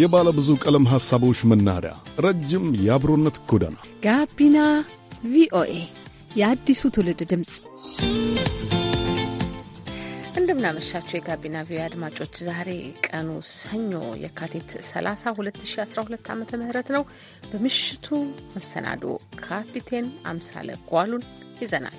የባለ ብዙ ቀለም ሐሳቦች መናኸሪያ፣ ረጅም የአብሮነት ጎዳና ጋቢና ቪኦኤ የአዲሱ ትውልድ ድምፅ። እንደምናመሻቸው የጋቢና ቪኦኤ አድማጮች፣ ዛሬ ቀኑ ሰኞ የካቲት 30 2012 ዓ ም ነው። በምሽቱ መሰናዶ ካፒቴን አምሳለ ጓሉን ይዘናል።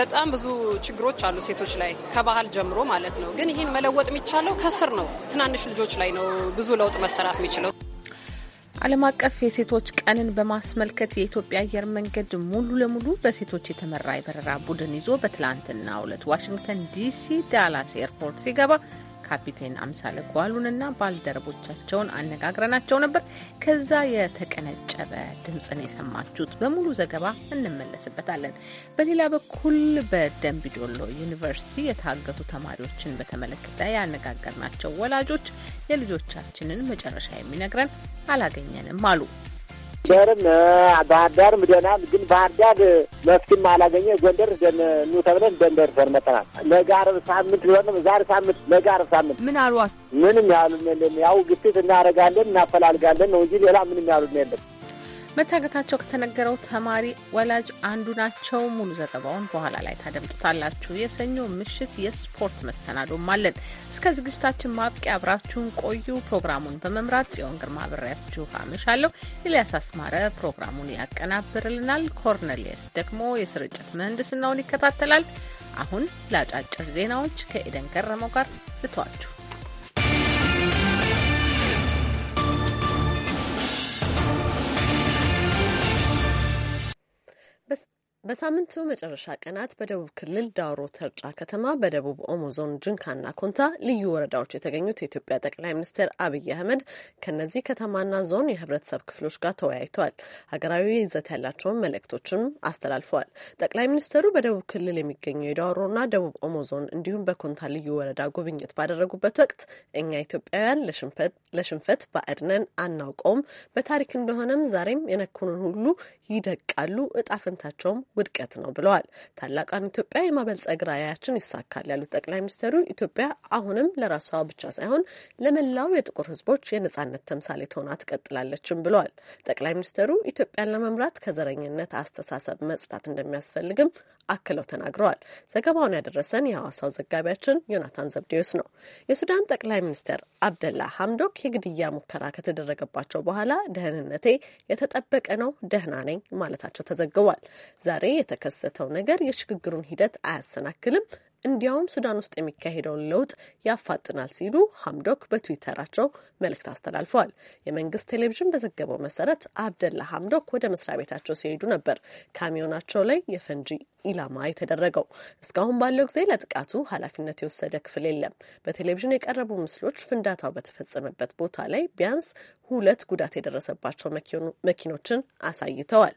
በጣም ብዙ ችግሮች አሉ ሴቶች ላይ ከባህል ጀምሮ ማለት ነው። ግን ይህን መለወጥ የሚቻለው ከስር ነው፣ ትናንሽ ልጆች ላይ ነው ብዙ ለውጥ መሰራት የሚችለው። ዓለም አቀፍ የሴቶች ቀንን በማስመልከት የኢትዮጵያ አየር መንገድ ሙሉ ለሙሉ በሴቶች የተመራ የበረራ ቡድን ይዞ በትላንትናው ዕለት ዋሽንግተን ዲሲ ዳላስ ኤርፖርት ሲገባ ካፒቴን አምሳለ ጓሉንና ባልደረቦቻቸውን አነጋግረናቸው ነበር። ከዛ የተቀነጨበ ድምጽን የሰማችሁት በሙሉ ዘገባ እንመለስበታለን። በሌላ በኩል በደንቢዶሎ ዩኒቨርሲቲ የታገቱ ተማሪዎችን በተመለከተ ያነጋገርናቸው ወላጆች የልጆቻችንን መጨረሻ የሚነግረን አላገኘንም አሉ። ሸርም ባህር ዳርም ደህና ግን ባህር ዳር መፍትም አላገኘ ጎንደር ደን ኑ ተብለን ደንደር ሰር መጠናል ነገ ዓርብ ሳምንት ሊሆንም ዛሬ ሳምንት ነገ ዓርብ ሳምንት ምን አሏት? ምንም ያሉን የለም። ያው ግፊት እናደርጋለን እናፈላልጋለን ነው እንጂ ሌላ ምንም ያሉን የለም። መታገታቸው ከተነገረው ተማሪ ወላጅ አንዱ ናቸው። ሙሉ ዘገባውን በኋላ ላይ ታደምጡታላችሁ። የሰኞ ምሽት የስፖርት መሰናዶም አለን። እስከ ዝግጅታችን ማብቂያ አብራችሁን ቆዩ። ፕሮግራሙን በመምራት ጽዮን ግርማ አብሬያችሁ አመሻለሁ። ኤልያስ አስማረ ፕሮግራሙን ያቀናብርልናል። ኮርኔሊየስ ደግሞ የስርጭት ምህንድስናውን ይከታተላል። አሁን ለአጫጭር ዜናዎች ከኤደን ገረመው ጋር ልተዋችሁ። this በሳምንቱ መጨረሻ ቀናት በደቡብ ክልል ዳውሮ ተርጫ ከተማ በደቡብ ኦሞ ዞን ጅንካና ኮንታ ልዩ ወረዳዎች የተገኙት የኢትዮጵያ ጠቅላይ ሚኒስትር አብይ አህመድ ከእነዚህ ከተማና ዞን የህብረተሰብ ክፍሎች ጋር ተወያይተዋል። ሀገራዊ ይዘት ያላቸውን መልእክቶችም አስተላልፈዋል። ጠቅላይ ሚኒስትሩ በደቡብ ክልል የሚገኙ የዳውሮና ደቡብ ኦሞ ዞን እንዲሁም በኮንታ ልዩ ወረዳ ጉብኝት ባደረጉበት ወቅት እኛ ኢትዮጵያውያን ለሽንፈት ባዕድነን አናውቀውም፣ በታሪክ እንደሆነም ዛሬም የነኩንን ሁሉ ይደቃሉ፣ እጣፈንታቸውም ውድቀት ነው ብለዋል። ታላቋን ኢትዮጵያ የማበልጸግ ራዕያችን ይሳካል ያሉት ጠቅላይ ሚኒስትሩ ኢትዮጵያ አሁንም ለራሷ ብቻ ሳይሆን ለመላው የጥቁር ሕዝቦች የነጻነት ተምሳሌት ሆና ትቀጥላለችም ብለዋል። ጠቅላይ ሚኒስትሩ ኢትዮጵያን ለመምራት ከዘረኝነት አስተሳሰብ መጽዳት እንደሚያስፈልግም አክለው ተናግረዋል። ዘገባውን ያደረሰን የሐዋሳው ዘጋቢያችን ዮናታን ዘብዴዎስ ነው። የሱዳን ጠቅላይ ሚኒስትር አብደላ ሐምዶክ የግድያ ሙከራ ከተደረገባቸው በኋላ ደህንነቴ የተጠበቀ ነው፣ ደህና ነኝ ማለታቸው ተዘግቧል። ዛሬ የተከሰተው ነገር የሽግግሩን ሂደት አያሰናክልም እንዲያውም ሱዳን ውስጥ የሚካሄደውን ለውጥ ያፋጥናል ሲሉ ሀምዶክ በትዊተራቸው መልእክት አስተላልፈዋል። የመንግስት ቴሌቪዥን በዘገበው መሰረት አብደላ ሀምዶክ ወደ መስሪያ ቤታቸው ሲሄዱ ነበር ካሚዮናቸው ላይ የፈንጂ ኢላማ የተደረገው። እስካሁን ባለው ጊዜ ለጥቃቱ ኃላፊነት የወሰደ ክፍል የለም። በቴሌቪዥን የቀረቡ ምስሎች ፍንዳታው በተፈጸመበት ቦታ ላይ ቢያንስ ሁለት ጉዳት የደረሰባቸው መኪኖችን አሳይተዋል።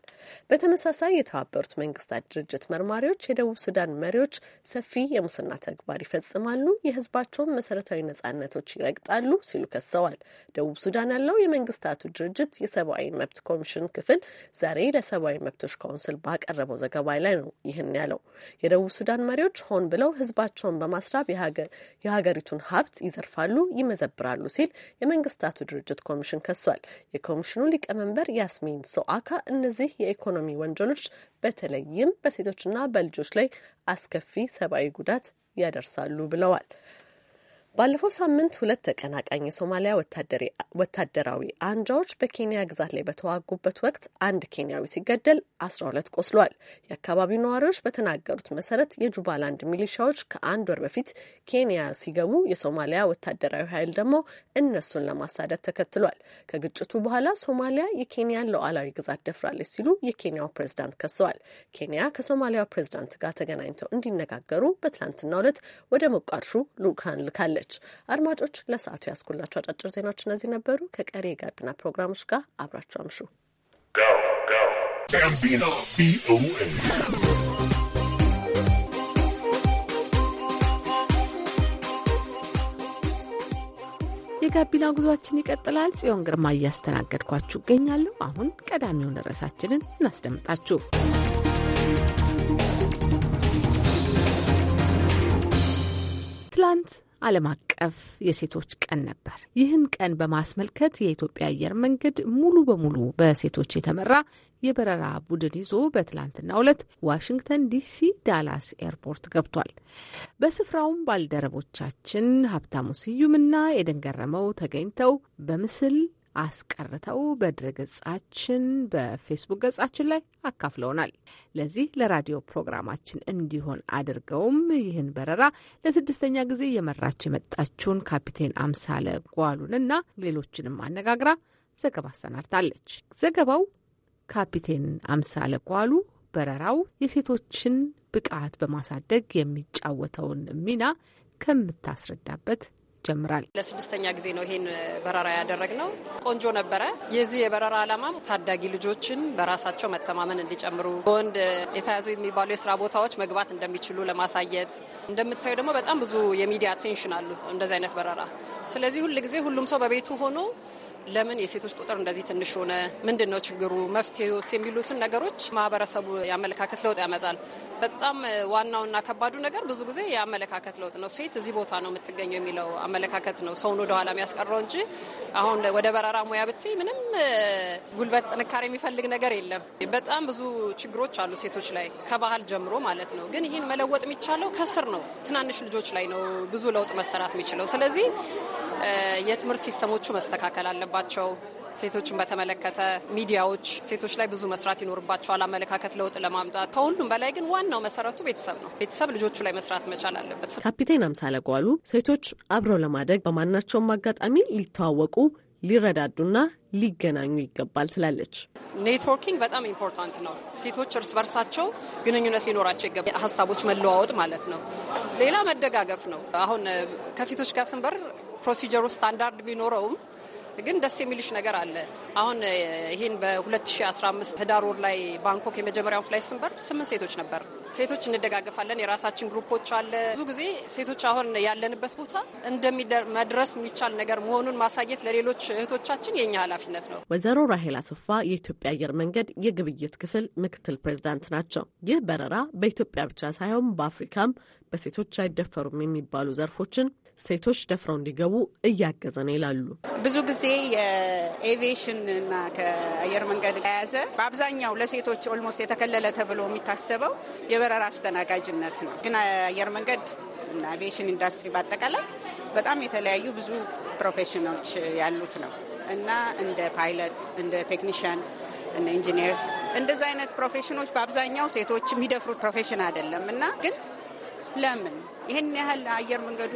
በተመሳሳይ የተባበሩት መንግስታት ድርጅት መርማሪዎች የደቡብ ሱዳን መሪዎች ሰፊ የሙስና ተግባር ይፈጽማሉ፣ የህዝባቸውን መሰረታዊ ነጻነቶች ይረግጣሉ ሲሉ ከሰዋል። ደቡብ ሱዳን ያለው የመንግስታቱ ድርጅት የሰብአዊ መብት ኮሚሽን ክፍል ዛሬ ለሰብአዊ መብቶች ካውንስል ባቀረበው ዘገባ ላይ ነው ይህን ያለው። የደቡብ ሱዳን መሪዎች ሆን ብለው ህዝባቸውን በማስራብ የሀገሪቱን ሀብት ይዘርፋሉ፣ ይመዘብራሉ ሲል የመንግስታቱ ድርጅት ኮሚሽን ከሷል። የኮሚሽኑ ሊቀመንበር ያስሚን ሶአካ እነዚህ የኢኮኖሚ ወንጀሎች በተለይም በሴቶችና በልጆች ላይ አስከፊ ሰብአዊ ጉዳት ያደርሳሉ ብለዋል። ባለፈው ሳምንት ሁለት ተቀናቃኝ የሶማሊያ ወታደራዊ አንጃዎች በኬንያ ግዛት ላይ በተዋጉበት ወቅት አንድ ኬንያዊ ሲገደል አስራ ሁለት ቆስሏል። የአካባቢው ነዋሪዎች በተናገሩት መሰረት የጁባላንድ ሚሊሻዎች ከአንድ ወር በፊት ኬንያ ሲገቡ የሶማሊያ ወታደራዊ ኃይል ደግሞ እነሱን ለማሳደድ ተከትሏል። ከግጭቱ በኋላ ሶማሊያ የኬንያን ሉዓላዊ ግዛት ደፍራለች ሲሉ የኬንያው ፕሬዝዳንት ከሰዋል። ኬንያ ከሶማሊያው ፕሬዝዳንት ጋር ተገናኝተው እንዲነጋገሩ በትላንትናው ዕለት ወደ ሞቃዲሾ ልኡካን ልካለች። ትገኛለች። አድማጮች ለሰዓቱ ያስኩላቸው አጫጭር ዜናዎች እነዚህ ነበሩ። ከቀሪ የጋቢና ፕሮግራሞች ጋር አብራችሁ አምሹ። የጋቢና ጉዟችን ይቀጥላል። ጽዮን ግርማ እያስተናገድኳችሁ እገኛለሁ። አሁን ቀዳሚውን ርዕሳችንን እናስደምጣችሁ። ትላንት ዓለም አቀፍ የሴቶች ቀን ነበር። ይህን ቀን በማስመልከት የኢትዮጵያ አየር መንገድ ሙሉ በሙሉ በሴቶች የተመራ የበረራ ቡድን ይዞ በትላንትናው ዕለት ዋሽንግተን ዲሲ ዳላስ ኤርፖርት ገብቷል። በስፍራውም ባልደረቦቻችን ሀብታሙ ስዩምና የደንገረመው ተገኝተው በምስል አስቀርተው በድረ ገጻችን በፌስቡክ ገጻችን ላይ አካፍለውናል። ለዚህ ለራዲዮ ፕሮግራማችን እንዲሆን አድርገውም ይህን በረራ ለስድስተኛ ጊዜ የመራች የመጣችውን ካፒቴን አምሳለ ጓሉንና ሌሎችንም አነጋግራ ዘገባ አሰናድታለች። ዘገባው ካፒቴን አምሳለ ጓሉ በረራው የሴቶችን ብቃት በማሳደግ የሚጫወተውን ሚና ከምታስረዳበት ይጀምራል። ለስድስተኛ ጊዜ ነው ይሄን በረራ ያደረግነው። ቆንጆ ነበረ። የዚህ የበረራ ዓላማም ታዳጊ ልጆችን በራሳቸው መተማመን እንዲጨምሩ፣ በወንድ የተያዙ የሚባሉ የስራ ቦታዎች መግባት እንደሚችሉ ለማሳየት እንደምታዩ ደግሞ በጣም ብዙ የሚዲያ አቴንሽን አሉ እንደዚህ አይነት በረራ። ስለዚህ ሁልጊዜ ሁሉም ሰው በቤቱ ሆኖ ለምን የሴቶች ቁጥር እንደዚህ ትንሽ ሆነ? ምንድን ነው ችግሩ? መፍትሄውስ? የሚሉትን ነገሮች ማህበረሰቡ የአመለካከት ለውጥ ያመጣል። በጣም ዋናውና ከባዱ ነገር ብዙ ጊዜ የአመለካከት ለውጥ ነው። ሴት እዚህ ቦታ ነው የምትገኘው የሚለው አመለካከት ነው ሰውን ወደኋላ የሚያስቀረው እንጂ አሁን ወደ በረራ ሙያ ብትይ ምንም ጉልበት ጥንካሬ የሚፈልግ ነገር የለም። በጣም ብዙ ችግሮች አሉ ሴቶች ላይ ከባህል ጀምሮ ማለት ነው። ግን ይህን መለወጥ የሚቻለው ከስር ነው፣ ትናንሽ ልጆች ላይ ነው ብዙ ለውጥ መሰራት የሚችለው ስለዚህ የትምህርት ሲስተሞቹ መስተካከል አለባቸው። ሴቶችን በተመለከተ ሚዲያዎች ሴቶች ላይ ብዙ መስራት ይኖርባቸዋል፣ አመለካከት ለውጥ ለማምጣት። ከሁሉም በላይ ግን ዋናው መሰረቱ ቤተሰብ ነው። ቤተሰብ ልጆቹ ላይ መስራት መቻል አለበት። ካፒቴን አምሳለ ጓሉ ሴቶች አብረው ለማደግ በማናቸውም አጋጣሚ ሊተዋወቁ ሊረዳዱና ሊገናኙ ይገባል ትላለች። ኔትወርኪንግ በጣም ኢምፖርታንት ነው። ሴቶች እርስ በርሳቸው ግንኙነት ሊኖራቸው ይገባል። ሀሳቦች መለዋወጥ ማለት ነው። ሌላ መደጋገፍ ነው። አሁን ከሴቶች ጋር ስንበር ፕሮሲጀሩ ስታንዳርድ ቢኖረውም ግን ደስ የሚልሽ ነገር አለ። አሁን ይህን በ2015 ህዳር ወር ላይ ባንኮክ የመጀመሪያውን ፍላይት ስንበር ስምንት ሴቶች ነበር። ሴቶች እንደጋገፋለን፣ የራሳችን ግሩፖች አለ። ብዙ ጊዜ ሴቶች አሁን ያለንበት ቦታ እንደመድረስ የሚቻል ነገር መሆኑን ማሳየት ለሌሎች እህቶቻችን የኛ ኃላፊነት ነው። ወይዘሮ ራሄል አስፋ የኢትዮጵያ አየር መንገድ የግብይት ክፍል ምክትል ፕሬዝዳንት ናቸው። ይህ በረራ በኢትዮጵያ ብቻ ሳይሆን በአፍሪካም በሴቶች አይደፈሩም የሚባሉ ዘርፎችን ሴቶች ደፍረው እንዲገቡ እያገዘ ነው ይላሉ። ብዙ ጊዜ የኤቪዬሽን እና ከአየር መንገድ የያዘ በአብዛኛው ለሴቶች ኦልሞስት የተከለለ ተብሎ የሚታሰበው የበረራ አስተናጋጅነት ነው። ግን አየር መንገድ እና አቪዬሽን ኢንዱስትሪ በአጠቃላይ በጣም የተለያዩ ብዙ ፕሮፌሽኖች ያሉት ነው እና እንደ ፓይለት፣ እንደ ቴክኒሽያን፣ እነ ኢንጂኒርስ እንደዚህ አይነት ፕሮፌሽኖች በአብዛኛው ሴቶች የሚደፍሩት ፕሮፌሽን አይደለም እና ግን ለምን ይህን ያህል አየር መንገዱ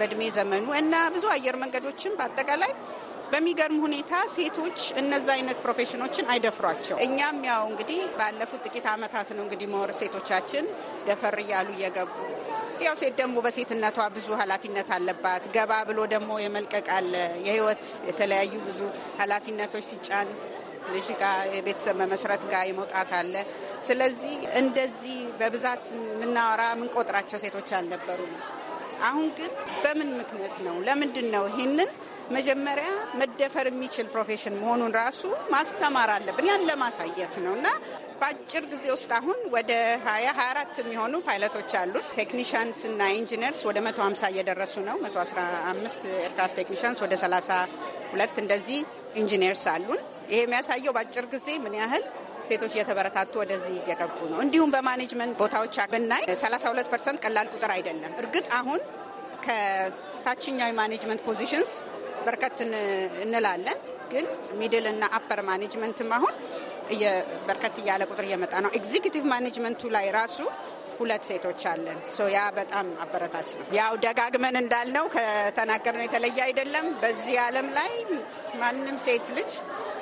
በእድሜ ዘመኑ እና ብዙ አየር መንገዶችን በአጠቃላይ በሚገርም ሁኔታ ሴቶች እነዚ አይነት ፕሮፌሽኖችን አይደፍሯቸው። እኛም ያው እንግዲህ ባለፉት ጥቂት ዓመታት ነው እንግዲህ መወር ሴቶቻችን ደፈር እያሉ እየገቡ ያው ሴት ደግሞ በሴትነቷ ብዙ ኃላፊነት አለባት። ገባ ብሎ ደግሞ የመልቀቅ አለ የህይወት የተለያዩ ብዙ ኃላፊነቶች ሲጫን ልጅ ጋር የቤተሰብ መመስረት ጋር የመውጣት አለ። ስለዚህ እንደዚህ በብዛት የምናወራ የምንቆጥራቸው ሴቶች አልነበሩ አሁን ግን በምን ምክንያት ነው? ለምንድን ነው ይህንን መጀመሪያ መደፈር የሚችል ፕሮፌሽን መሆኑን ራሱ ማስተማር አለብን። ያን ለማሳየት ነው እና በአጭር ጊዜ ውስጥ አሁን ወደ ሀያ ሀያ አራት የሚሆኑ ፓይለቶች አሉን። ቴክኒሽያንስ እና ኢንጂነርስ ወደ መቶ ሀምሳ እየደረሱ ነው። መቶ አስራ አምስት ኤርክራፍት ቴክኒሽያንስ ወደ ሰላሳ ሁለት እንደዚህ ኢንጂነርስ አሉን። ይሄ የሚያሳየው በአጭር ጊዜ ምን ያህል ሴቶች እየተበረታቱ ወደዚህ እየገቡ ነው። እንዲሁም በማኔጅመንት ቦታዎች ብናይ 32 ፐርሰንት ቀላል ቁጥር አይደለም። እርግጥ አሁን ከታችኛው የማኔጅመንት ፖዚሽንስ በርከት እንላለን፣ ግን ሚድል እና አፐር ማኔጅመንትም አሁን በርከት እያለ ቁጥር እየመጣ ነው። ኤግዚኪቲቭ ማኔጅመንቱ ላይ ራሱ ሁለት ሴቶች አለን። ያ በጣም አበረታች ነው። ያው ደጋግመን እንዳልነው ከተናገርነው የተለየ አይደለም። በዚህ ዓለም ላይ ማንም ሴት ልጅ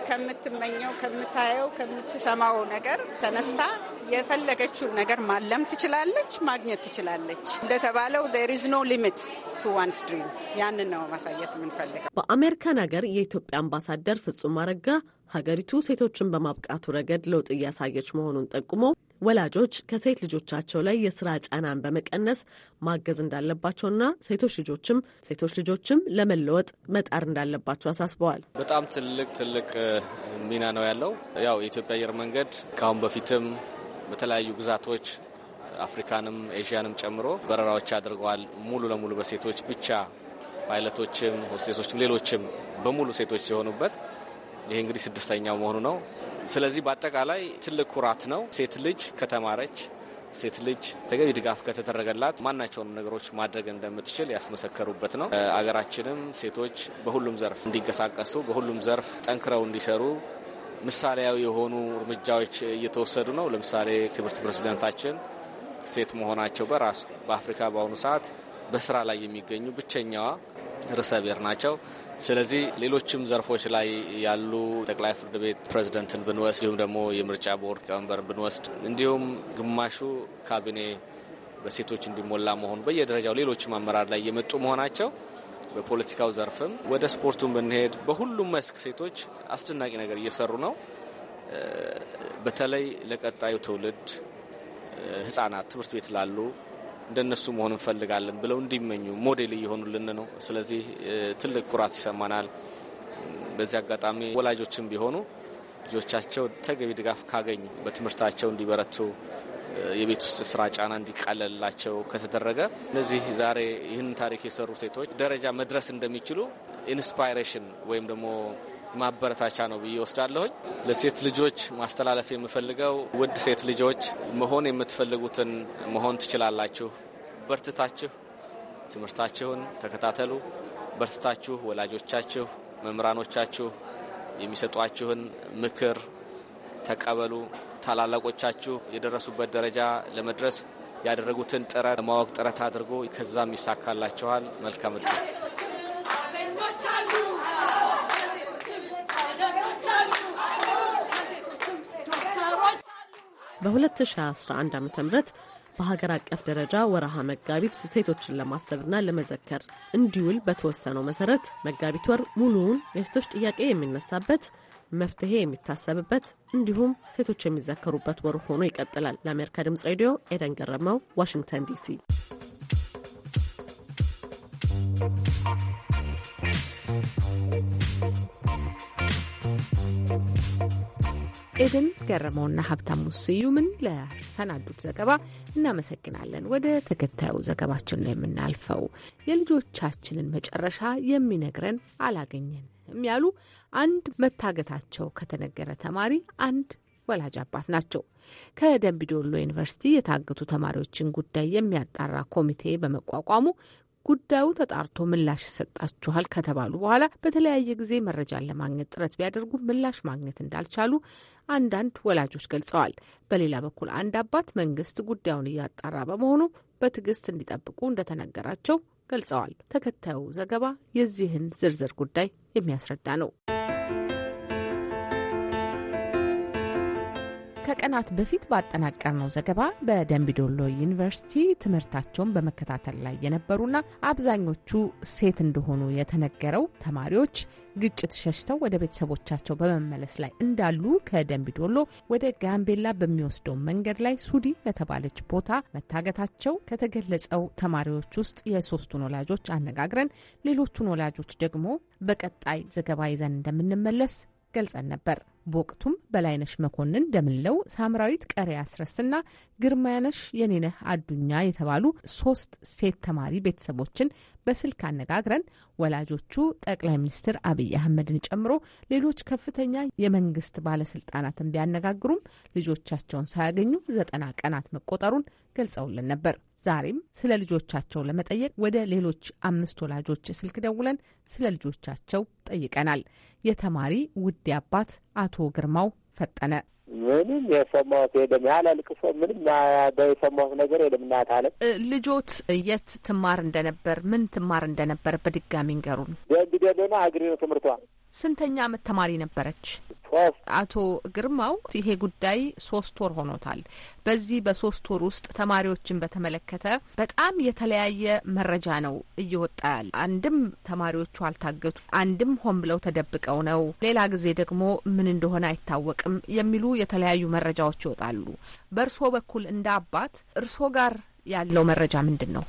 ከምትመኘው፣ ከምታየው፣ ከምትሰማው ነገር ተነስታ የፈለገችውን ነገር ማለም ትችላለች፣ ማግኘት ትችላለች። እንደተባለው ዴር ኢዝ ኖ ሊሚት ቱ ዋንስ ድሪም። ያንን ነው ማሳየት የምንፈልገው። በአሜሪካን ሀገር የኢትዮጵያ አምባሳደር ፍጹም አረጋ ሀገሪቱ ሴቶችን በማብቃቱ ረገድ ለውጥ እያሳየች መሆኑን ጠቁሞ ወላጆች ከሴት ልጆቻቸው ላይ የስራ ጫናን በመቀነስ ማገዝ እንዳለባቸውና ሴቶች ልጆችም ሴቶች ልጆችም ለመለወጥ መጣር እንዳለባቸው አሳስበዋል። በጣም ትልቅ ትልቅ ሚና ነው ያለው። ያው የኢትዮጵያ አየር መንገድ ከአሁን በፊትም በተለያዩ ግዛቶች አፍሪካንም ኤዥያንም ጨምሮ በረራዎች አድርገዋል። ሙሉ ለሙሉ በሴቶች ብቻ ፓይለቶችም፣ ሆስቴሶችም፣ ሌሎችም በሙሉ ሴቶች የሆኑበት ይሄ እንግዲህ ስድስተኛው መሆኑ ነው። ስለዚህ በአጠቃላይ ትልቅ ኩራት ነው። ሴት ልጅ ከተማረች ሴት ልጅ ተገቢ ድጋፍ ከተደረገላት ማናቸውን ነገሮች ማድረግ እንደምትችል ያስመሰከሩበት ነው። አገራችንም ሴቶች በሁሉም ዘርፍ እንዲንቀሳቀሱ፣ በሁሉም ዘርፍ ጠንክረው እንዲሰሩ ምሳሌያዊ የሆኑ እርምጃዎች እየተወሰዱ ነው። ለምሳሌ ክብርት ፕሬዚደንታችን ሴት መሆናቸው በራሱ በአፍሪካ በአሁኑ ሰዓት በስራ ላይ የሚገኙ ብቸኛዋ ርዕሰ ብሔር ናቸው። ስለዚህ ሌሎችም ዘርፎች ላይ ያሉ ጠቅላይ ፍርድ ቤት ፕሬዚደንትን ብንወስድ እንዲሁም ደግሞ የምርጫ ቦርድ ሊቀመንበርን ብንወስድ እንዲሁም ግማሹ ካቢኔ በሴቶች እንዲሞላ መሆኑ በየደረጃው ሌሎችም አመራር ላይ የመጡ መሆናቸው በፖለቲካው ዘርፍም ወደ ስፖርቱን ብንሄድ በሁሉም መስክ ሴቶች አስደናቂ ነገር እየሰሩ ነው። በተለይ ለቀጣዩ ትውልድ ህጻናት ትምህርት ቤት ላሉ እንደነሱ መሆን እንፈልጋለን ብለው እንዲመኙ ሞዴል እየሆኑልን ነው። ስለዚህ ትልቅ ኩራት ይሰማናል። በዚህ አጋጣሚ ወላጆችም ቢሆኑ ልጆቻቸው ተገቢ ድጋፍ ካገኙ በትምህርታቸው እንዲበረቱ የቤት ውስጥ ስራ ጫና እንዲቃለልላቸው ከተደረገ እነዚህ ዛሬ ይህን ታሪክ የሰሩ ሴቶች ደረጃ መድረስ እንደሚችሉ ኢንስፓይሬሽን ወይም ደግሞ ማበረታቻ ነው ብዬ ወስዳለሁኝ። ለሴት ልጆች ማስተላለፍ የምፈልገው ውድ ሴት ልጆች መሆን የምትፈልጉትን መሆን ትችላላችሁ። በርትታችሁ ትምህርታችሁን ተከታተሉ። በርትታችሁ ወላጆቻችሁ፣ መምህራኖቻችሁ የሚሰጧችሁን ምክር ተቀበሉ። ታላላቆቻችሁ የደረሱበት ደረጃ ለመድረስ ያደረጉትን ጥረት ለማወቅ ጥረት አድርጎ ከዛም ይሳካላችኋል። መልካም በ2011 ዓ ም በሀገር አቀፍ ደረጃ ወረሃ መጋቢት ሴቶችን ለማሰብና ለመዘከር እንዲውል በተወሰነው መሰረት መጋቢት ወር ሙሉውን የሴቶች ጥያቄ የሚነሳበት መፍትሄ የሚታሰብበት እንዲሁም ሴቶች የሚዘከሩበት ወር ሆኖ ይቀጥላል። ለአሜሪካ ድምጽ ሬዲዮ ኤደን ገረመው፣ ዋሽንግተን ዲሲ ኤደን ገረመውና ሀብታሙ ስዩምን ለሰናዱት ዘገባ እናመሰግናለን። ወደ ተከታዩ ዘገባችን ነው የምናልፈው። የልጆቻችንን መጨረሻ የሚነግረን አላገኘንም ያሉ አንድ መታገታቸው ከተነገረ ተማሪ አንድ ወላጅ አባት ናቸው። ከደንቢዶሎ ዩኒቨርሲቲ የታገቱ ተማሪዎችን ጉዳይ የሚያጣራ ኮሚቴ በመቋቋሙ ጉዳዩ ተጣርቶ ምላሽ ይሰጣችኋል ከተባሉ በኋላ በተለያየ ጊዜ መረጃን ለማግኘት ጥረት ቢያደርጉ ምላሽ ማግኘት እንዳልቻሉ አንዳንድ ወላጆች ገልጸዋል። በሌላ በኩል አንድ አባት መንግስት ጉዳዩን እያጣራ በመሆኑ በትዕግስት እንዲጠብቁ እንደተነገራቸው ገልጸዋል። ተከታዩ ዘገባ የዚህን ዝርዝር ጉዳይ የሚያስረዳ ነው። ከቀናት በፊት ባጠናቀርነው ዘገባ በደንቢዶሎ ዩኒቨርሲቲ ትምህርታቸውን በመከታተል ላይ የነበሩና አብዛኞቹ ሴት እንደሆኑ የተነገረው ተማሪዎች ግጭት ሸሽተው ወደ ቤተሰቦቻቸው በመመለስ ላይ እንዳሉ ከደንቢዶሎ ወደ ጋምቤላ በሚወስደው መንገድ ላይ ሱዲ በተባለች ቦታ መታገታቸው ከተገለጸው ተማሪዎች ውስጥ የሶስቱን ወላጆች አነጋግረን ሌሎቹን ወላጆች ደግሞ በቀጣይ ዘገባ ይዘን እንደምንመለስ ገልጸን ነበር። በወቅቱም በላይነሽ መኮንን ደምለው፣ ሳምራዊት ቀሪ አስረስና ግርማያነሽ የኔነህ አዱኛ የተባሉ ሶስት ሴት ተማሪ ቤተሰቦችን በስልክ አነጋግረን ወላጆቹ ጠቅላይ ሚኒስትር አብይ አህመድን ጨምሮ ሌሎች ከፍተኛ የመንግስት ባለስልጣናትን ቢያነጋግሩም ልጆቻቸውን ሳያገኙ ዘጠና ቀናት መቆጠሩን ገልጸውልን ነበር። ዛሬም ስለ ልጆቻቸው ለመጠየቅ ወደ ሌሎች አምስት ወላጆች ስልክ ደውለን ስለ ልጆቻቸው ጠይቀናል። የተማሪ ውድ አባት አቶ ግርማው ፈጠነ ምንም የሰማሁት የለም። ያለ ልቅሶ ምንም የሰማሁት ነገር የለም። እናት አለ ልጆት የት ትማር እንደነበር ምን ትማር እንደነበር በድጋሚ ንገሩን። በእንግዲህ ያለሆነ አግሪ ነው ትምህርቷ ስንተኛ ዓመት ተማሪ ነበረች? አቶ ግርማው ይሄ ጉዳይ ሶስት ወር ሆኖታል። በዚህ በሶስት ወር ውስጥ ተማሪዎችን በተመለከተ በጣም የተለያየ መረጃ ነው እየወጣ ያለ። አንድም ተማሪዎቹ አልታገቱ፣ አንድም ሆን ብለው ተደብቀው ነው፣ ሌላ ጊዜ ደግሞ ምን እንደሆነ አይታወቅም የሚሉ የተለያዩ መረጃዎች ይወጣሉ። በእርሶ በኩል እንደ አባት እርሶ ጋር ያለው መረጃ ምንድን ነው?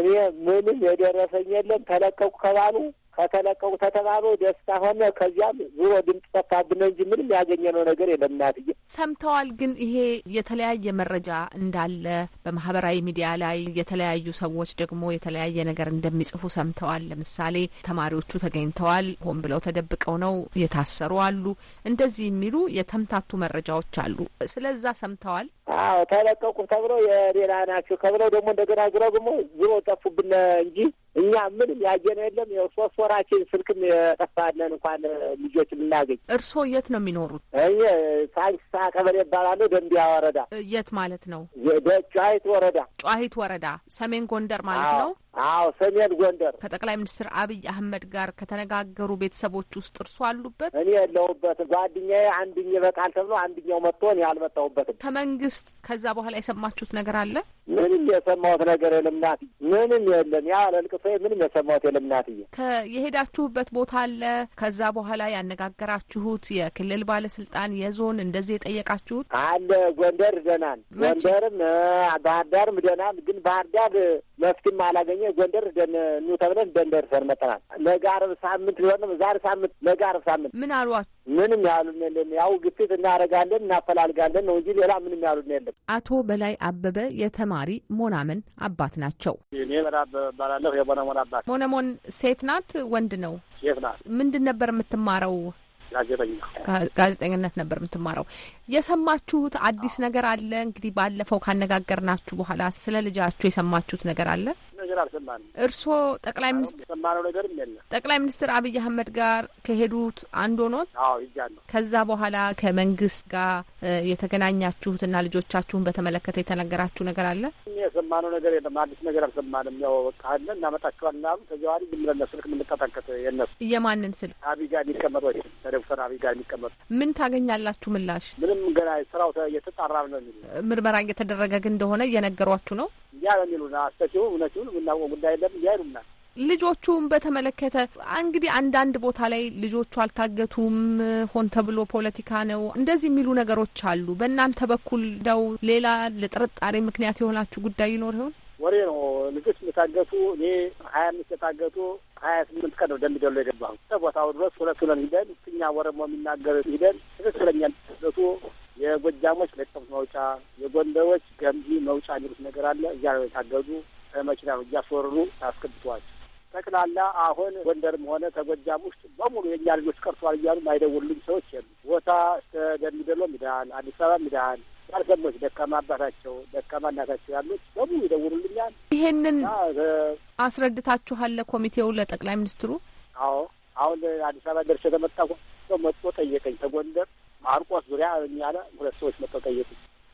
እኔ ምንም የደረሰኝ የለም። ተለቀቁ ከባሉ ከተለቀቁ ተተባበ ደስታ ሆነ። ከዚያም ዙሮ ድምፅ ጠፋብን እንጂ ምንም ያገኘነው ነገር የለም። እናትዬ ሰምተዋል። ግን ይሄ የተለያየ መረጃ እንዳለ በማህበራዊ ሚዲያ ላይ የተለያዩ ሰዎች ደግሞ የተለያየ ነገር እንደሚጽፉ ሰምተዋል። ለምሳሌ ተማሪዎቹ ተገኝተዋል፣ ሆን ብለው ተደብቀው ነው የታሰሩ አሉ፣ እንደዚህ የሚሉ የተምታቱ መረጃዎች አሉ። ስለዛ ሰምተዋል። አዎ ተለቀቁ ተብለው የሌላ ናቸው ተብለው ደግሞ እንደገና ግሞ ዝሮ ጠፉብን እንጂ እኛ ምንም ያየነ የለም። ያው ሶስት ወራችን ስልክም የጠፋለን እንኳን ልጆች የምናገኝ። እርስዎ የት ነው የሚኖሩት? እ ሳንኪሳ ቀበሌ ይባላለ ደንቢያ ወረዳ። የት ማለት ነው? ጨዋሂት ወረዳ። ጨዋሂት ወረዳ ሰሜን ጎንደር ማለት ነው? አዎ ሰሜን ጎንደር። ከጠቅላይ ሚኒስትር አብይ አህመድ ጋር ከተነጋገሩ ቤተሰቦች ውስጥ እርሶ አሉበት? እኔ የለውበት ጓደኛዬ አንድኛ በቃል ተብሎ አንድኛው መጥቶ እኔ አልመጣሁበትም። ከመንግስት መንግስት ከዛ በኋላ የሰማችሁት ነገር አለ? ምንም የሰማሁት ነገር የለም ናትዬ፣ ምንም የለም። ያ ለልቅሶ ምንም የሰማሁት የለም ናትዬ። የሄዳችሁበት ቦታ አለ? ከዛ በኋላ ያነጋገራችሁት የክልል ባለስልጣን፣ የዞን እንደዚህ የጠየቃችሁት አለ? ጎንደር ደናን፣ ጎንደርም ባህር ዳርም ደናን። ግን ባህር ዳር መፍትም አላገኘ ጎንደር ኑ ተብለን ደንደርሰን መጠናል። ነገ ሳምንት ቢሆንም ዛሬ ሳምንት ነገ ሳምንት ምን አሏችሁ? ምንም ያሉን የለም። ያው ግፊት እናደርጋለን እናፈላልጋለን ነው እንጂ ሌላ ምንም ያሉን የለም። አቶ በላይ አበበ የተማሪ ሞናምን አባት ናቸው። እኔ በላ እባላለሁ። የሞነሞን አባት ሞነሞን ሴት ናት ወንድ ነው? ሴት ናት። ምንድን ነበር የምትማረው? ጋዜጠኛ ጋዜጠኝነት ነበር የምትማረው። የሰማችሁት አዲስ ነገር አለ? እንግዲህ ባለፈው ካነጋገርናችሁ በኋላ ስለ ልጃችሁ የሰማችሁት ነገር አለ? ነገር አልሰማንም። እርስዎ ጠቅላይ ሚኒስትር ሰማነው ነገርም የለም። ጠቅላይ ሚኒስትር አብይ አህመድ ጋር ከሄዱት አንዱ ኖት? አዎ ይጃለሁ። ከዛ በኋላ ከመንግስት ጋር የተገናኛችሁት እና ልጆቻችሁን በተመለከተ የተነገራችሁ ነገር አለ? የሰማነው ነገር የለም። አዲስ ነገር አልሰማንም። ያው በቃ አለ እናመጣችኋል አሉ። ከዚ በኋላ ዝም ብለን ስልክ የምንጠጠንከት የነሱ የማንን ስልክ አብይ ጋር የሚቀመጡ ዶክተር አብይ ጋር የሚቀመጡ ምን ታገኛላችሁ ምላሽ? ምንም ገና ስራው እየተጣራ ነው የሚሉ ምርመራ እየተደረገ ግን እንደሆነ እየነገሯችሁ ነው እኛ በሚሉና አስተሲሁ እውነቱን የምናውቀው ጉዳይ የለም እንዲህ አይሉናል። ልጆቹን በተመለከተ እንግዲህ አንዳንድ ቦታ ላይ ልጆቹ አልታገቱም፣ ሆን ተብሎ ፖለቲካ ነው እንደዚህ የሚሉ ነገሮች አሉ። በእናንተ በኩል ደው ሌላ ለጥርጣሬ ምክንያት የሆናችሁ ጉዳይ ይኖር ይሆን? ወሬ ነው። ልጆች እንደታገቱ እኔ ሀያ አምስት የታገቱ ሀያ ስምንት ቀን ነው ደንብ ደሎ የገባሁ ቦታው ድረስ ሁለት ሁለን ሂደን እኛ ወረሞ የሚናገር ሂደን ትክክለኛ ገቱ የጎጃሞች ለጠፍ መውጫ፣ የጎንደሮች ገምቢ መውጫ የሚሉት ነገር አለ። እዚያ ነው የታገዱ መኪና ነው እያስወረሩ ያስገብተዋቸው። ጠቅላላ አሁን ጎንደርም ሆነ ከጎጃም ውስጥ በሙሉ የእኛ ልጆች ቀርተዋል እያሉ ማይደውሉልኝ ሰዎች የሉ። ቦታ እስከ ደሚደሎም ይዳል፣ አዲስ አበባ ይዳል ያልሰሞች ደካማ አባታቸው ደካማ እናታቸው ያሉት በሙሉ ይደውሉልኛል። ይሄንን አስረድታችኋል ኮሚቴው ለጠቅላይ ሚኒስትሩ? አዎ አሁን አዲስ አበባ ደርሰ ተመጣ ሰው መጥቶ ጠየቀኝ። ተጎንደር ማርቆስ ዙሪያ እኛለ ሁለት ሰዎች መጥተው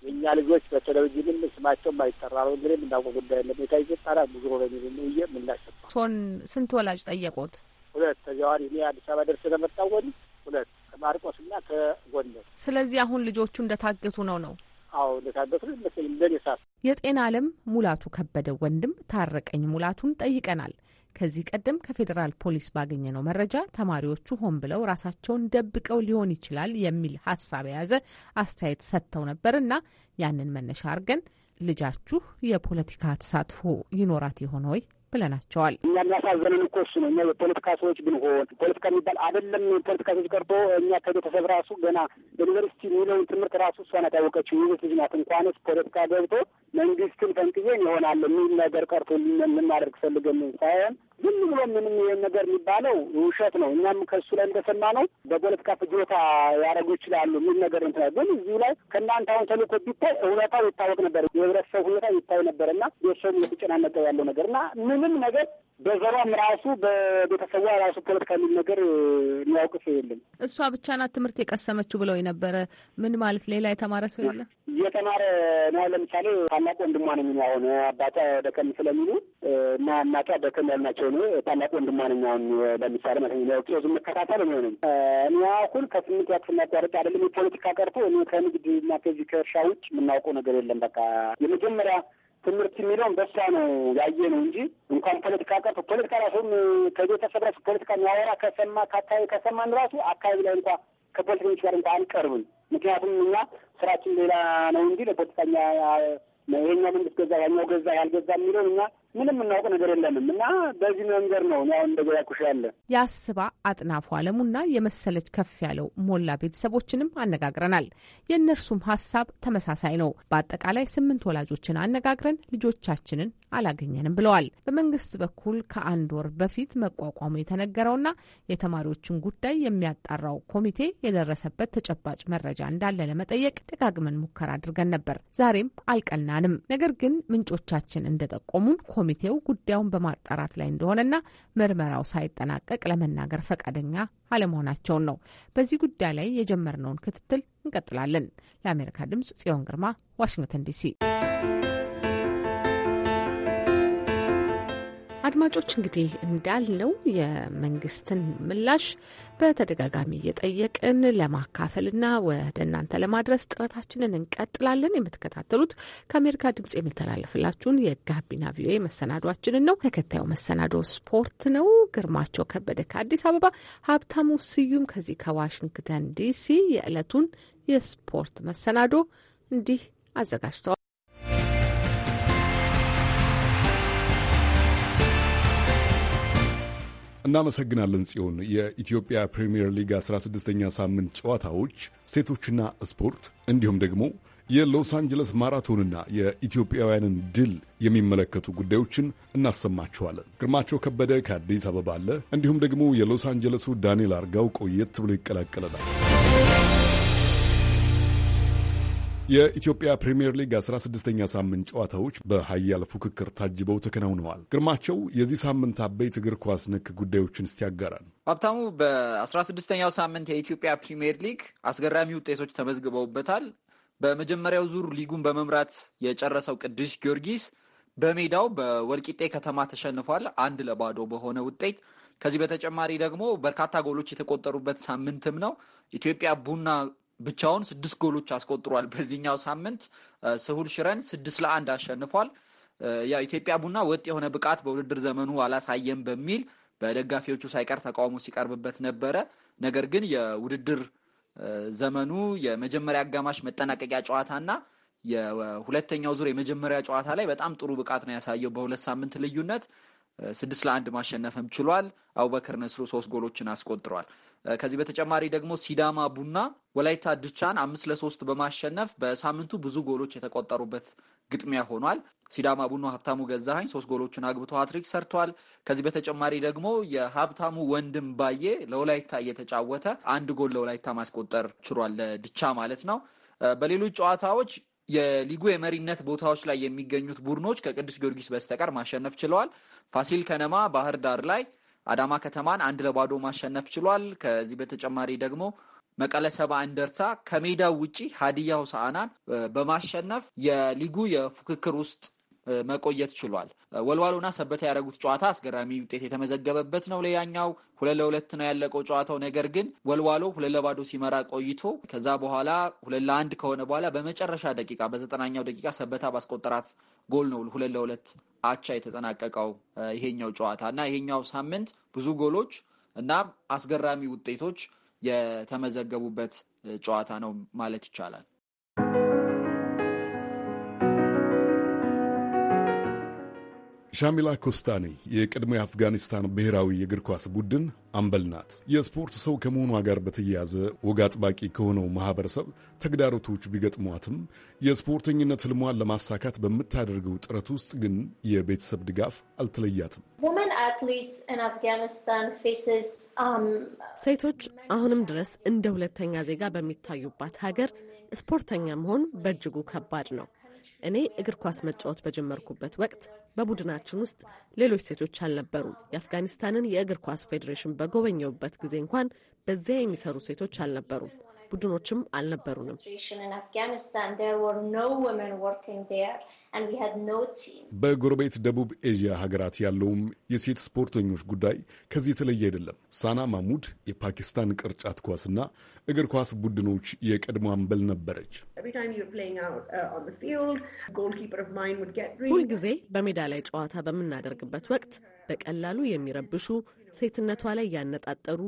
የእኛ ልጆች በቴሌቪዥንም ስማቸው ማይጠራ ነው እንግዲህ የምናውቀው ጉዳይ ለ ጌታ ይገጣራ ብዙ በሚል ብዬ የምናሰባ ሶን ስንት ወላጅ ጠየቁት? ሁለት ተዘዋዋሪ እኔ አዲስ አበባ ደርስ ለመጣው ሁለት ከማርቆስ እና ከጎንደር። ስለዚህ አሁን ልጆቹ እንደታገቱ ነው ነው አዎ እንደታገቱ ይመስል እንደኔ ሳስ የጤና አለም ሙላቱ ከበደ ወንድም ታረቀኝ ሙላቱን ጠይቀናል። ከዚህ ቀደም ከፌዴራል ፖሊስ ባገኘነው መረጃ ተማሪዎቹ ሆን ብለው ራሳቸውን ደብቀው ሊሆን ይችላል የሚል ሀሳብ የያዘ አስተያየት ሰጥተው ነበር እና ያንን መነሻ አድርገን ልጃችሁ የፖለቲካ ተሳትፎ ይኖራት ይሆን ወይ ብለናቸዋል። እኛ የሚያሳዘንን እኮ እሱ ነው። እኛ የፖለቲካ ሰዎች ብንሆን ፖለቲካ የሚባል አይደለም። ፖለቲካ ሰዎች ቀርቶ እኛ ከቤተሰብ ራሱ ገና ዩኒቨርሲቲ የሚለውን ትምህርት ራሱ እሷን ያታወቀችው ይዘት ልጅ ናት። እንኳንስ ፖለቲካ ገብቶ መንግስትን ፈንቅዬን ይሆናል የሚል ነገር ቀርቶ የምናደርግ ፈልገን ሳይሆን ዝም ብሎ ምንም ይሄን ነገር የሚባለው ውሸት ነው። እኛም ከሱ ላይ እንደሰማ ነው በፖለቲካ ፍጆታ ያደረጉ ይችላሉ ምን ነገር እንትና ግን እዚሁ ላይ ከእናንተ አሁን ተልእኮ ቢታይ እውነታው ይታወቅ ነበር፣ የህብረተሰብ ሁኔታ ይታይ ነበር እና ቤተሰቡ እየተጨናነቀ ያለው ነገር እና ምንም ነገር በዘሯም ራሱ በቤተሰቧ ራሱ ፖለቲካ የሚል ነገር የሚያውቅ ሰው የለም። እሷ ብቻ ናት ትምህርት የቀሰመችው ብለው የነበረ ምን ማለት ሌላ የተማረ ሰው የለም። እየተማረ ነው። ለምሳሌ ታላቅ ወንድሟ ነኝ ነው። አሁን አባቷ ደከም ስለሚሉ እና እናቷ ደከም ያልናቸው ነው። ታላቅ ወንድሟ ነኝ አሁን ለምሳሌ ማለት ነው። ቄዙ መከታተል ነው ነኝ እኔ አሁን ከስምንት ያክፍል ማቋረጥ አይደለም የፖለቲካ ቀርቶ እኔ ከንግድ እና ከዚህ ከእርሻ ውጭ የምናውቀው ነገር የለም። በቃ የመጀመሪያ ትምህርት የሚለውን በሷ ነው ያየ ነው እንጂ እንኳን ፖለቲካ ቀርቶ ፖለቲካ ራሱም ከቤተሰብ ራሱ ፖለቲካ የሚያወራ ከሰማ ከአካባቢ ከሰማን ራሱ አካባቢ ላይ እንኳ ከፖለቲከኞች ጋር እንኳ አንቀርብም። ምክንያቱም እኛ ስራችን ሌላ ነው እንጂ ለፖለቲካኛ ይሄኛው መንግስት ገዛ ያኛው ገዛ ያልገዛ የሚለውን እኛ ምንም እናውቅ ነገር የለንም እና በዚህ መንገድ ነው አሁን እንደገ ኩሽ ያለ የአስባ አጥናፉ አለሙና የመሰለች ከፍ ያለው ሞላ ቤተሰቦችንም አነጋግረናል። የእነርሱም ሀሳብ ተመሳሳይ ነው። በአጠቃላይ ስምንት ወላጆችን አነጋግረን ልጆቻችንን አላገኘንም ብለዋል። በመንግስት በኩል ከአንድ ወር በፊት መቋቋሙ የተነገረውና የተማሪዎችን ጉዳይ የሚያጣራው ኮሚቴ የደረሰበት ተጨባጭ መረጃ እንዳለ ለመጠየቅ ደጋግመን ሙከራ አድርገን ነበር። ዛሬም አልቀናንም። ነገር ግን ምንጮቻችን እንደጠቆሙን ኮሚቴው ጉዳዩን በማጣራት ላይ እንደሆነና ምርመራው ሳይጠናቀቅ ለመናገር ፈቃደኛ አለመሆናቸውን ነው። በዚህ ጉዳይ ላይ የጀመርነውን ክትትል እንቀጥላለን። ለአሜሪካ ድምጽ ጽዮን ግርማ ዋሽንግተን ዲሲ። አድማጮች እንግዲህ እንዳልነው የመንግስትን ምላሽ በተደጋጋሚ እየጠየቅን ለማካፈልና ወደ እናንተ ለማድረስ ጥረታችንን እንቀጥላለን። የምትከታተሉት ከአሜሪካ ድምጽ የሚተላለፍላችሁን የጋቢና ቪኦኤ መሰናዷችንን ነው። ተከታዩ መሰናዶ ስፖርት ነው። ግርማቸው ከበደ ከአዲስ አበባ፣ ሀብታሙ ስዩም ከዚህ ከዋሽንግተን ዲሲ የዕለቱን የስፖርት መሰናዶ እንዲህ አዘጋጅተዋል። እናመሰግናለን ጽዮን። የኢትዮጵያ ፕሪምየር ሊግ 16ኛ ሳምንት ጨዋታዎች፣ ሴቶችና ስፖርት እንዲሁም ደግሞ የሎስ አንጀለስ ማራቶንና የኢትዮጵያውያንን ድል የሚመለከቱ ጉዳዮችን እናሰማችኋለን። ግርማቸው ከበደ ከአዲስ አበባ አለ። እንዲሁም ደግሞ የሎስ አንጀለሱ ዳንኤል አርጋው ቆየት ብሎ ይቀላቀለናል። የኢትዮጵያ ፕሪምየር ሊግ 16ኛ ሳምንት ጨዋታዎች በሀያል ፉክክር ታጅበው ተከናውነዋል። ግርማቸው የዚህ ሳምንት አበይት እግር ኳስ ንክ ጉዳዮችን እስቲ ያጋራል። ሀብታሙ፣ በ16ኛው ሳምንት የኢትዮጵያ ፕሪምየር ሊግ አስገራሚ ውጤቶች ተመዝግበውበታል። በመጀመሪያው ዙር ሊጉን በመምራት የጨረሰው ቅዱስ ጊዮርጊስ በሜዳው በወልቂጤ ከተማ ተሸንፏል፣ አንድ ለባዶ በሆነ ውጤት። ከዚህ በተጨማሪ ደግሞ በርካታ ጎሎች የተቆጠሩበት ሳምንትም ነው። ኢትዮጵያ ቡና ብቻውን ስድስት ጎሎች አስቆጥሯል። በዚህኛው ሳምንት ስሁል ሽረን ስድስት ለአንድ አሸንፏል። ያው ኢትዮጵያ ቡና ወጥ የሆነ ብቃት በውድድር ዘመኑ አላሳየም በሚል በደጋፊዎቹ ሳይቀር ተቃውሞ ሲቀርብበት ነበረ። ነገር ግን የውድድር ዘመኑ የመጀመሪያ አጋማሽ መጠናቀቂያ ጨዋታና የሁለተኛው ዙር የመጀመሪያ ጨዋታ ላይ በጣም ጥሩ ብቃት ነው ያሳየው። በሁለት ሳምንት ልዩነት ስድስት ለአንድ ማሸነፍም ችሏል። አቡበከር ነስሩ ሶስት ጎሎችን አስቆጥሯል። ከዚህ በተጨማሪ ደግሞ ሲዳማ ቡና ወላይታ ድቻን አምስት ለሶስት በማሸነፍ በሳምንቱ ብዙ ጎሎች የተቆጠሩበት ግጥሚያ ሆኗል። ሲዳማ ቡና ሀብታሙ ገዛሀኝ ሶስት ጎሎችን አግብቶ ሀትሪክ ሰርቷል። ከዚህ በተጨማሪ ደግሞ የሀብታሙ ወንድም ባዬ ለወላይታ እየተጫወተ አንድ ጎል ለወላይታ ማስቆጠር ችሏል፣ ለድቻ ማለት ነው። በሌሎች ጨዋታዎች የሊጉ የመሪነት ቦታዎች ላይ የሚገኙት ቡድኖች ከቅዱስ ጊዮርጊስ በስተቀር ማሸነፍ ችለዋል። ፋሲል ከነማ ባህር ዳር ላይ አዳማ ከተማን አንድ ለባዶ ማሸነፍ ችሏል። ከዚህ በተጨማሪ ደግሞ መቀለ ሰባ እንደርታ ከሜዳው ውጪ ሀዲያ ሆሳዕናን በማሸነፍ የሊጉ የፉክክር ውስጥ መቆየት ችሏል። ወልዋሎና ሰበታ ያደረጉት ጨዋታ አስገራሚ ውጤት የተመዘገበበት ነው። ሌላኛው ሁለት ለሁለት ነው ያለቀው ጨዋታው። ነገር ግን ወልዋሎ ሁለት ለባዶ ሲመራ ቆይቶ ከዛ በኋላ ሁለት ለአንድ ከሆነ በኋላ በመጨረሻ ደቂቃ በዘጠናኛው ደቂቃ ሰበታ ባስቆጠራት ጎል ነው ሁለት ለሁለት አቻ የተጠናቀቀው ይሄኛው ጨዋታ እና ይሄኛው ሳምንት ብዙ ጎሎች እና አስገራሚ ውጤቶች የተመዘገቡበት ጨዋታ ነው ማለት ይቻላል። ሻሚላ ኮስታኒ የቀድሞ የአፍጋኒስታን ብሔራዊ የእግር ኳስ ቡድን አምበል ናት። የስፖርት ሰው ከመሆኗ ጋር በተያያዘ ወግ አጥባቂ ከሆነው ማህበረሰብ ተግዳሮቶች ቢገጥሟትም የስፖርተኝነት ህልሟን ለማሳካት በምታደርገው ጥረት ውስጥ ግን የቤተሰብ ድጋፍ አልተለያትም። um, ሴቶች አሁንም ድረስ እንደ ሁለተኛ ዜጋ በሚታዩባት ሀገር ስፖርተኛ መሆን በእጅጉ ከባድ ነው። እኔ እግር ኳስ መጫወት በጀመርኩበት ወቅት በቡድናችን ውስጥ ሌሎች ሴቶች አልነበሩም። የአፍጋኒስታንን የእግር ኳስ ፌዴሬሽን በጎበኘውበት ጊዜ እንኳን በዚያ የሚሰሩ ሴቶች አልነበሩም፣ ቡድኖችም አልነበሩንም። በጎረቤት ደቡብ ኤዥያ ሀገራት ያለውም የሴት ስፖርተኞች ጉዳይ ከዚህ የተለየ አይደለም። ሳና ማሙድ የፓኪስታን ቅርጫት ኳስና እግር ኳስ ቡድኖች የቀድሞ አምበል ነበረች። Uh, ሁልጊዜ በሜዳ ላይ ጨዋታ በምናደርግበት ወቅት በቀላሉ የሚረብሹ ሴትነቷ ላይ ያነጣጠሩ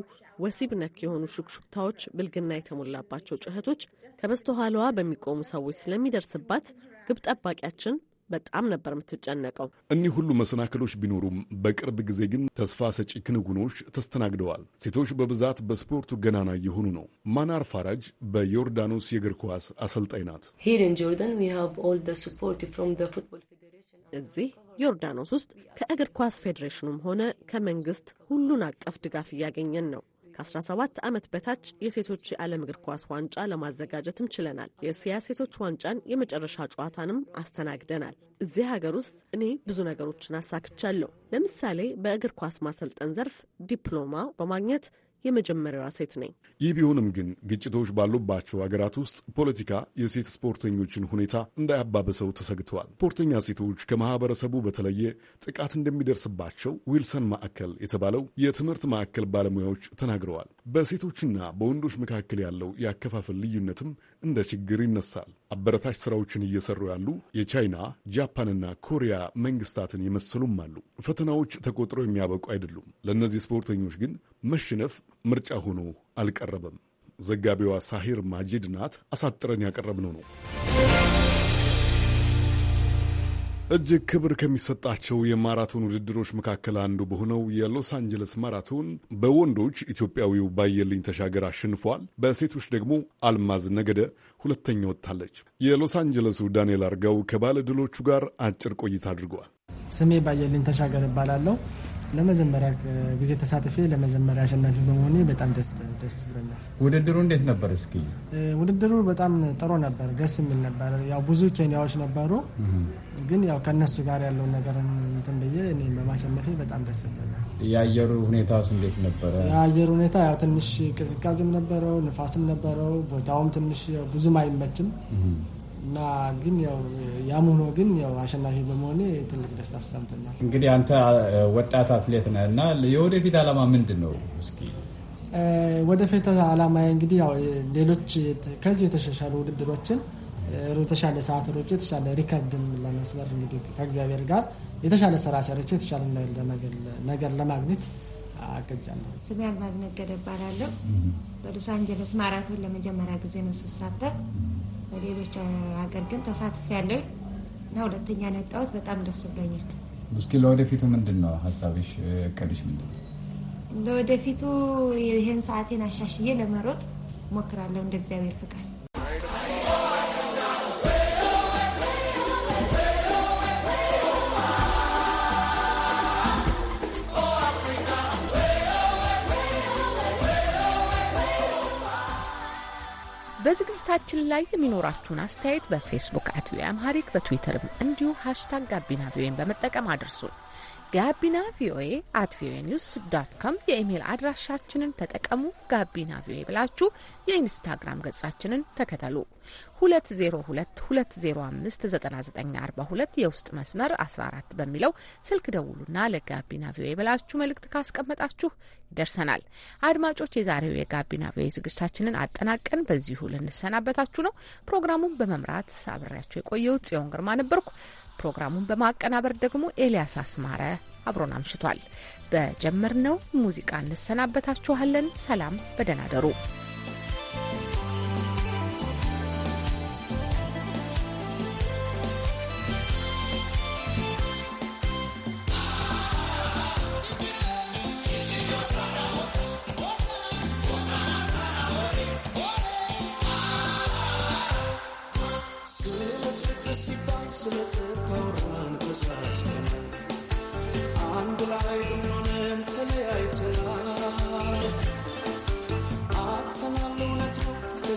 ወሲብ ነክ የሆኑ ሹክሹክታዎች፣ ብልግና የተሞላባቸው ጩኸቶች ከበስተኋላዋ በሚቆሙ ሰዎች ስለሚደርስባት ግብ ጠባቂያችን በጣም ነበር የምትጨነቀው። እኒህ ሁሉ መሰናክሎች ቢኖሩም በቅርብ ጊዜ ግን ተስፋ ሰጪ ክንውኖች ተስተናግደዋል። ሴቶች በብዛት በስፖርቱ ገናና እየሆኑ ነው። ማናር ፋራጅ በዮርዳኖስ የእግር ኳስ አሰልጣኝ ናት። እዚህ ዮርዳኖስ ውስጥ ከእግር ኳስ ፌዴሬሽኑም ሆነ ከመንግስት ሁሉን አቀፍ ድጋፍ እያገኘን ነው። ከ17 ዓመት በታች የሴቶች የዓለም እግር ኳስ ዋንጫ ለማዘጋጀትም ችለናል። የእስያ ሴቶች ዋንጫን የመጨረሻ ጨዋታንም አስተናግደናል። እዚህ ሀገር ውስጥ እኔ ብዙ ነገሮችን አሳክቻለሁ። ለምሳሌ በእግር ኳስ ማሰልጠን ዘርፍ ዲፕሎማ በማግኘት የመጀመሪያዋ ሴት ነኝ። ይህ ቢሆንም ግን ግጭቶች ባሉባቸው ሀገራት ውስጥ ፖለቲካ የሴት ስፖርተኞችን ሁኔታ እንዳያባበሰው ተሰግተዋል። ስፖርተኛ ሴቶች ከማህበረሰቡ በተለየ ጥቃት እንደሚደርስባቸው ዊልሰን ማዕከል የተባለው የትምህርት ማዕከል ባለሙያዎች ተናግረዋል። በሴቶችና በወንዶች መካከል ያለው የአከፋፈል ልዩነትም እንደ ችግር ይነሳል። አበረታች ስራዎችን እየሰሩ ያሉ የቻይና ጃፓንና ኮሪያ መንግስታትን የመሰሉም አሉ። ፈተናዎች ተቆጥረው የሚያበቁ አይደሉም። ለእነዚህ ስፖርተኞች ግን መሸነፍ ምርጫ ሆኖ አልቀረበም። ዘጋቢዋ ሳሂር ማጂድ ናት። አሳጥረን ያቀረብነው ነው። እጅግ ክብር ከሚሰጣቸው የማራቶን ውድድሮች መካከል አንዱ በሆነው የሎስ አንጀለስ ማራቶን በወንዶች ኢትዮጵያዊው ባየልኝ ተሻገር አሸንፏል። በሴቶች ደግሞ አልማዝ ነገደ ሁለተኛ ወጥታለች። የሎስ አንጀለሱ ዳንኤል አርጋው ከባለድሎቹ ጋር አጭር ቆይታ አድርገዋል። ስሜ ባየልኝ ተሻገር እባላለሁ። ለመጀመሪያ ጊዜ ተሳትፌ ለመጀመሪያ አሸናፊ በመሆኔ በጣም ደስ ብሎኛል። ውድድሩ እንዴት ነበር? እስኪ ውድድሩ በጣም ጥሩ ነበር፣ ደስ የሚል ነበር። ያው ብዙ ኬንያዎች ነበሩ፣ ግን ያው ከእነሱ ጋር ያለውን ነገር እንትን ብዬ እኔ በማሸነፌ በጣም ደስ ብሎኛል። የአየሩ ሁኔታስ እንዴት ነበረ? የአየሩ ሁኔታ ያው ትንሽ ቅዝቃዜም ነበረው፣ ንፋስም ነበረው፣ ቦታውም ትንሽ ብዙም አይመችም እና ግን ያው ያም ሆኖ ግን ያው አሸናፊ በመሆኔ ትልቅ ደስታ ተሰምቶኛል። እንግዲህ አንተ ወጣት አትሌት ነህ እና የወደፊት ዓላማ ምንድን ነው? እስኪ ወደፊት ዓላማ እንግዲህ ያው ሌሎች ከዚህ የተሻሻሉ ውድድሮችን የተሻለ ሰዓት ሮጭ የተሻለ ሪከርድም ለመስበር እንግዲህ ከእግዚአብሔር ጋር የተሻለ ስራ ሰርቼ የተሻለ ነገር ለማግኘት አቅጃለሁ። ስሜ አልማዝ ነገደ እባላለሁ። በሎስ አንጀለስ ማራቶን ለመጀመሪያ ጊዜ ነው ስሳተፍ በሌሎች ሀገር ግን ተሳትፍ ያለኝ እና ሁለተኛ ነጣሁት። በጣም ደስ ብሎኛል። እስኪ ለወደፊቱ ምንድን ነው ሀሳብሽ? እቅድሽ ምንድን ነው? ለወደፊቱ ይህን ሰዓቴን አሻሽዬ ለመሮጥ ሞክራለሁ እንደ እግዚአብሔር ፍቃድ በዝግጅታችን ላይ የሚኖራችሁን አስተያየት በፌስቡክ አት ቪኦኤ አምሃሪክ በትዊተርም እንዲሁ ሀሽታግ ጋቢና ቪኦኤን በመጠቀም አድርሱን። ጋቢና ቪኦኤ አት ቪኦኤ ኒውስ ዶት ኮም የኢሜይል አድራሻችንን ተጠቀሙ። ጋቢና ቪኦኤ ብላችሁ የኢንስታግራም ገጻችንን ተከተሉ። 2022059942 የውስጥ መስመር 14 በሚለው ስልክ ደውሉና ለጋቢና ቪኦኤ ብላችሁ መልእክት ካስቀመጣችሁ ይደርሰናል። አድማጮች፣ የዛሬው የጋቢና ቪኦኤ ዝግጅታችንን አጠናቀን በዚሁ ልንሰናበታችሁ ነው። ፕሮግራሙን በመምራት አብሬያችሁ የቆየው ጽዮን ግርማ ነበርኩ። ፕሮግራሙን በማቀናበር ደግሞ ኤልያስ አስማረ አብሮን አምሽቷል። በጀመርነው ሙዚቃ እንሰናበታችኋለን። ሰላም፣ በደህና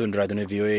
tu undrar det nu. Vi